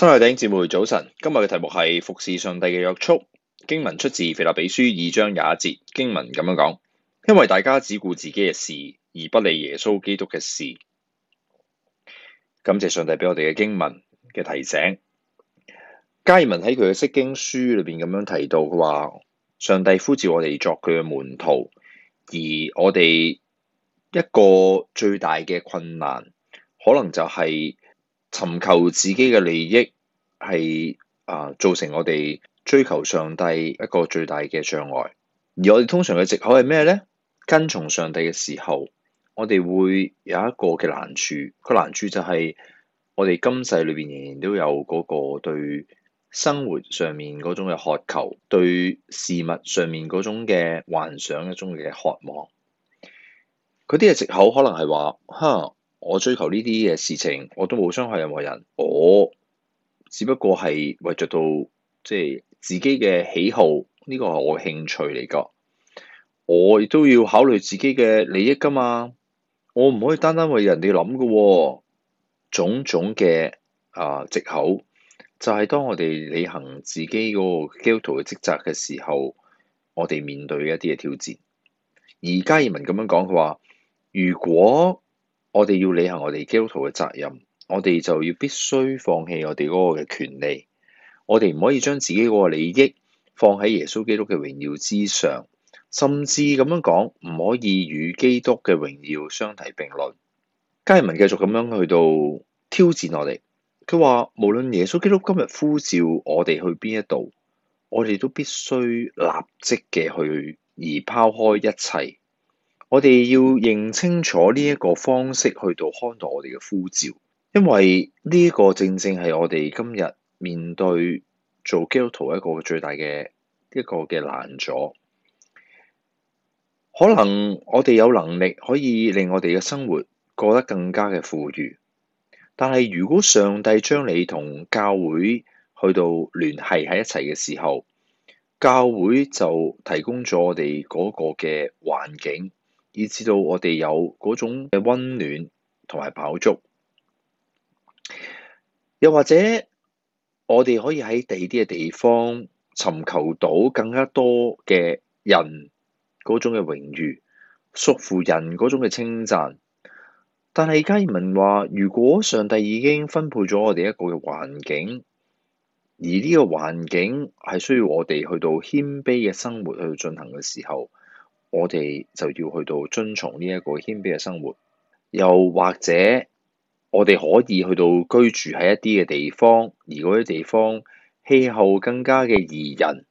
新來頂姐妹，早晨。今日嘅題目係服侍上帝嘅約束。經文出自腓立比書二章廿節，經文咁樣講：因為大家只顧自己嘅事，而不理耶穌基督嘅事。感謝上帝俾我哋嘅經文嘅提醒。加爾文喺佢嘅釋經書裏邊咁樣提到，佢話上帝呼召我哋作佢嘅門徒，而我哋一個最大嘅困難，可能就係、是。尋求自己嘅利益係啊，造成我哋追求上帝一個最大嘅障礙。而我哋通常嘅藉口係咩呢？跟從上帝嘅時候，我哋會有一個嘅難處。個難處就係我哋今世裏邊仍然都有嗰個對生活上面嗰種嘅渴求，對事物上面嗰種嘅幻想，一種嘅渴望。嗰啲嘅藉口可能係話，吓。我追求呢啲嘅事情，我都冇傷害任何人。我只不過係為着到即係自己嘅喜好，呢、這個係我嘅興趣嚟噶。我亦都要考慮自己嘅利益噶嘛。我唔可以單單為人哋諗噶。種種嘅啊藉口就係、是、當我哋履行自己嗰個基督徒嘅職責嘅時候，我哋面對一啲嘅挑戰。而加爾文咁樣講，嘅話如果。我哋要履行我哋基督徒嘅責任，我哋就要必須放棄我哋嗰個嘅權利。我哋唔可以將自己嗰個利益放喺耶穌基督嘅榮耀之上，甚至咁樣講唔可以與基督嘅榮耀相提並論。加爾文繼續咁樣去到挑戰我哋，佢話無論耶穌基督今日呼召我哋去邊一度，我哋都必須立即嘅去而拋開一切。我哋要認清楚呢一個方式去到看待我哋嘅呼召，因為呢一個正正係我哋今日面對做基督徒一個最大嘅一個嘅難阻。可能我哋有能力可以令我哋嘅生活過得更加嘅富裕，但係如果上帝將你同教會去到聯繫喺一齊嘅時候，教會就提供咗我哋嗰個嘅環境。以至到我哋有嗰種嘅溫暖同埋飽足，又或者我哋可以喺第啲嘅地方尋求到更加多嘅人嗰種嘅榮譽、屬乎人嗰種嘅稱讚。但係加爾文話，如果上帝已經分配咗我哋一個嘅環境，而呢個環境係需要我哋去到謙卑嘅生活去進行嘅時候，我哋就要去到遵從呢一個謙卑嘅生活，又或者我哋可以去到居住喺一啲嘅地方，而嗰啲地方氣候更加嘅宜人，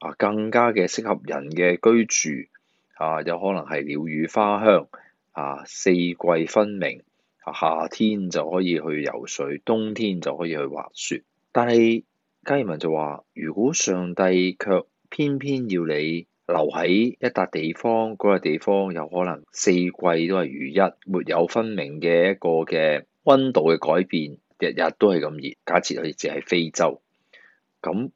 啊，更加嘅適合人嘅居住，啊，有可能係鳥語花香，啊，四季分明，啊，夏天就可以去游水，冬天就可以去滑雪。但係嘉爾文就話，如果上帝卻偏偏要你。留喺一笪地方，嗰個地方有可能四季都係如一，沒有分明嘅一個嘅溫度嘅改變，日日都係咁熱，假設佢哋住喺非洲，咁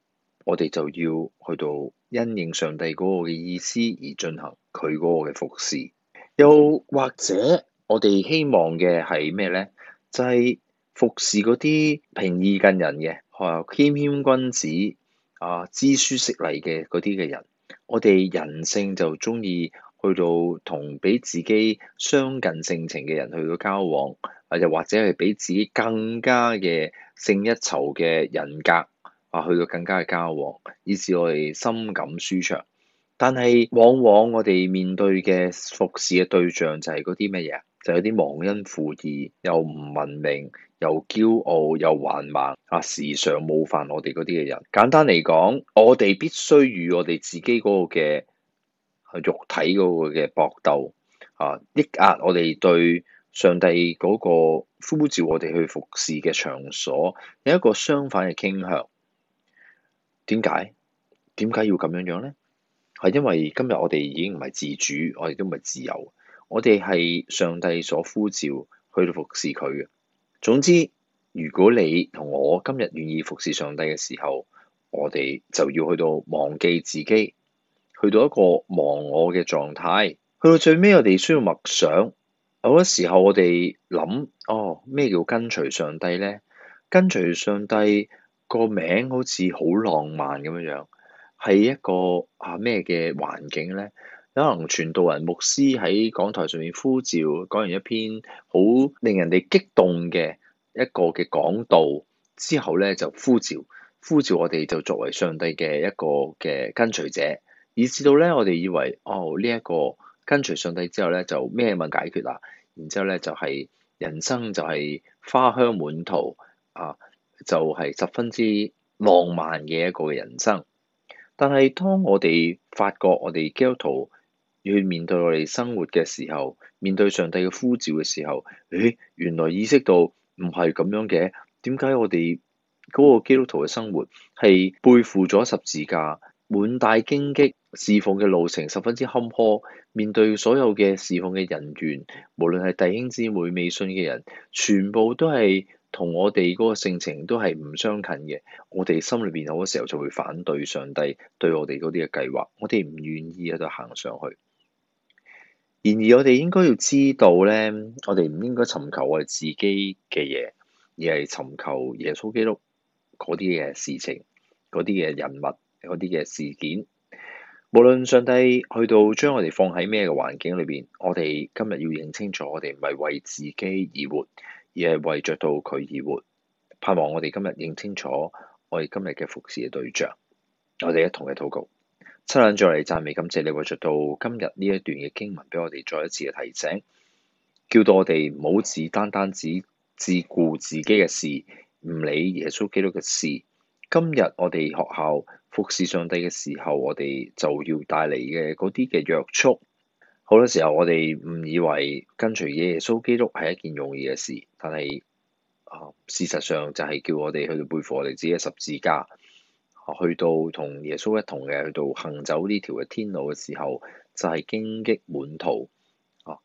我哋就要去到因應上帝嗰個嘅意思而進行佢嗰個嘅服侍，又或者我哋希望嘅係咩咧？就係服侍嗰啲平易近人嘅啊，謙謙君子啊，知書識禮嘅嗰啲嘅人。我哋人性就中意去到同俾自己相近性情嘅人去到交往，或者或者係俾自己更加嘅勝一籌嘅人格啊，去到更加嘅交往，以至我哋深感舒暢。但係往往我哋面對嘅服侍嘅對象就係嗰啲乜嘢？就有啲忘恩負義，又唔文明，又驕傲，又橫蠻啊！時常冒犯我哋嗰啲嘅人。簡單嚟講，我哋必須與我哋自己嗰個嘅肉體嗰個嘅搏鬥啊，抑壓我哋對上帝嗰個呼召我哋去服侍嘅場所有一個相反嘅傾向。點解？點解要咁樣樣咧？係因為今日我哋已經唔係自主，我哋都唔係自由。我哋係上帝所呼召去到服侍佢嘅。總之，如果你同我今日願意服侍上帝嘅時候，我哋就要去到忘記自己，去到一個忘我嘅狀態。去到最尾，我哋需要默想。有一時候我，我哋諗哦，咩叫跟隨上帝呢？跟隨上帝個名好似好浪漫咁樣樣，係一個啊咩嘅環境呢？有可能傳道人、牧師喺講台上面呼召，講完一篇好令人哋激動嘅一個嘅講道之後咧，就呼召，呼召我哋就作為上帝嘅一個嘅跟隨者，以致到咧我哋以為哦，呢一個跟隨上帝之後咧就咩問題解決啦，然之後咧就係人生就係花香滿途啊，就係十分之浪漫嘅一個嘅人生。但係當我哋發覺我哋基督徒。要去面對我哋生活嘅時候，面對上帝嘅呼召嘅時候，誒，原來意識到唔係咁樣嘅，點解我哋嗰個基督徒嘅生活係背負咗十字架，滿帶荊棘侍奉嘅路程十分之坎坷，面對所有嘅侍奉嘅人員，無論係弟兄姊妹、未信嘅人，全部都係同我哋嗰個性情都係唔相近嘅，我哋心裏邊好多時候就會反對上帝對我哋嗰啲嘅計劃，我哋唔願意喺度行上去。然而我哋應該要知道咧，我哋唔應該尋求我哋自己嘅嘢，而係尋求耶穌基督嗰啲嘅事情、嗰啲嘅人物、嗰啲嘅事件。無論上帝去到將我哋放喺咩嘅環境裏邊，我哋今日要認清楚，我哋唔係為自己而活，而係為着到佢而活。盼望我哋今日認清楚，我哋今日嘅服侍嘅對象，我哋一同嘅禱告。親眼再嚟讚美感謝你，活著到今日呢一段嘅經文，俾我哋再一次嘅提醒，叫到我哋唔好只單單只自，自顧自己嘅事，唔理耶穌基督嘅事。今日我哋學校服侍上帝嘅時候，我哋就要帶嚟嘅嗰啲嘅約束。好多時候我哋誤以為跟隨耶穌基督係一件容易嘅事，但係，呃、事實上就係叫我哋去背負我哋自己嘅十字架。去到同耶穌一同嘅去到行走呢條嘅天路嘅時候，就係荊棘滿途。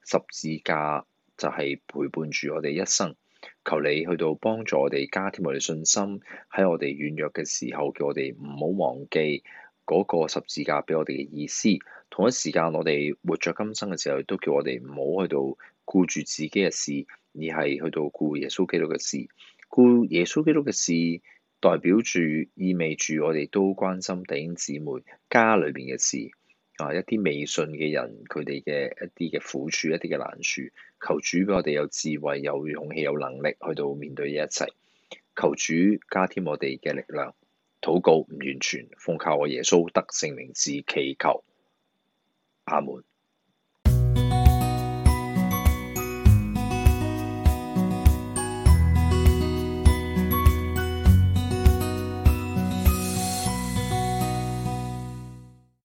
十字架就係陪伴住我哋一生。求你去到幫助我哋加添我哋信心，喺我哋軟弱嘅時候，叫我哋唔好忘記嗰個十字架俾我哋嘅意思。同一時間，我哋活著今生嘅時候，都叫我哋唔好去到顧住自己嘅事，而係去到顧耶穌基督嘅事。顧耶穌基督嘅事。代表住意味住，我哋都關心弟兄姊妹家裏邊嘅事啊，一啲未信嘅人佢哋嘅一啲嘅苦處，一啲嘅難處，求主俾我哋有智慧、有勇氣、有能力去到面對一切。求主加添我哋嘅力量。禱告唔完全，奉靠我耶穌得勝名字祈求。阿門。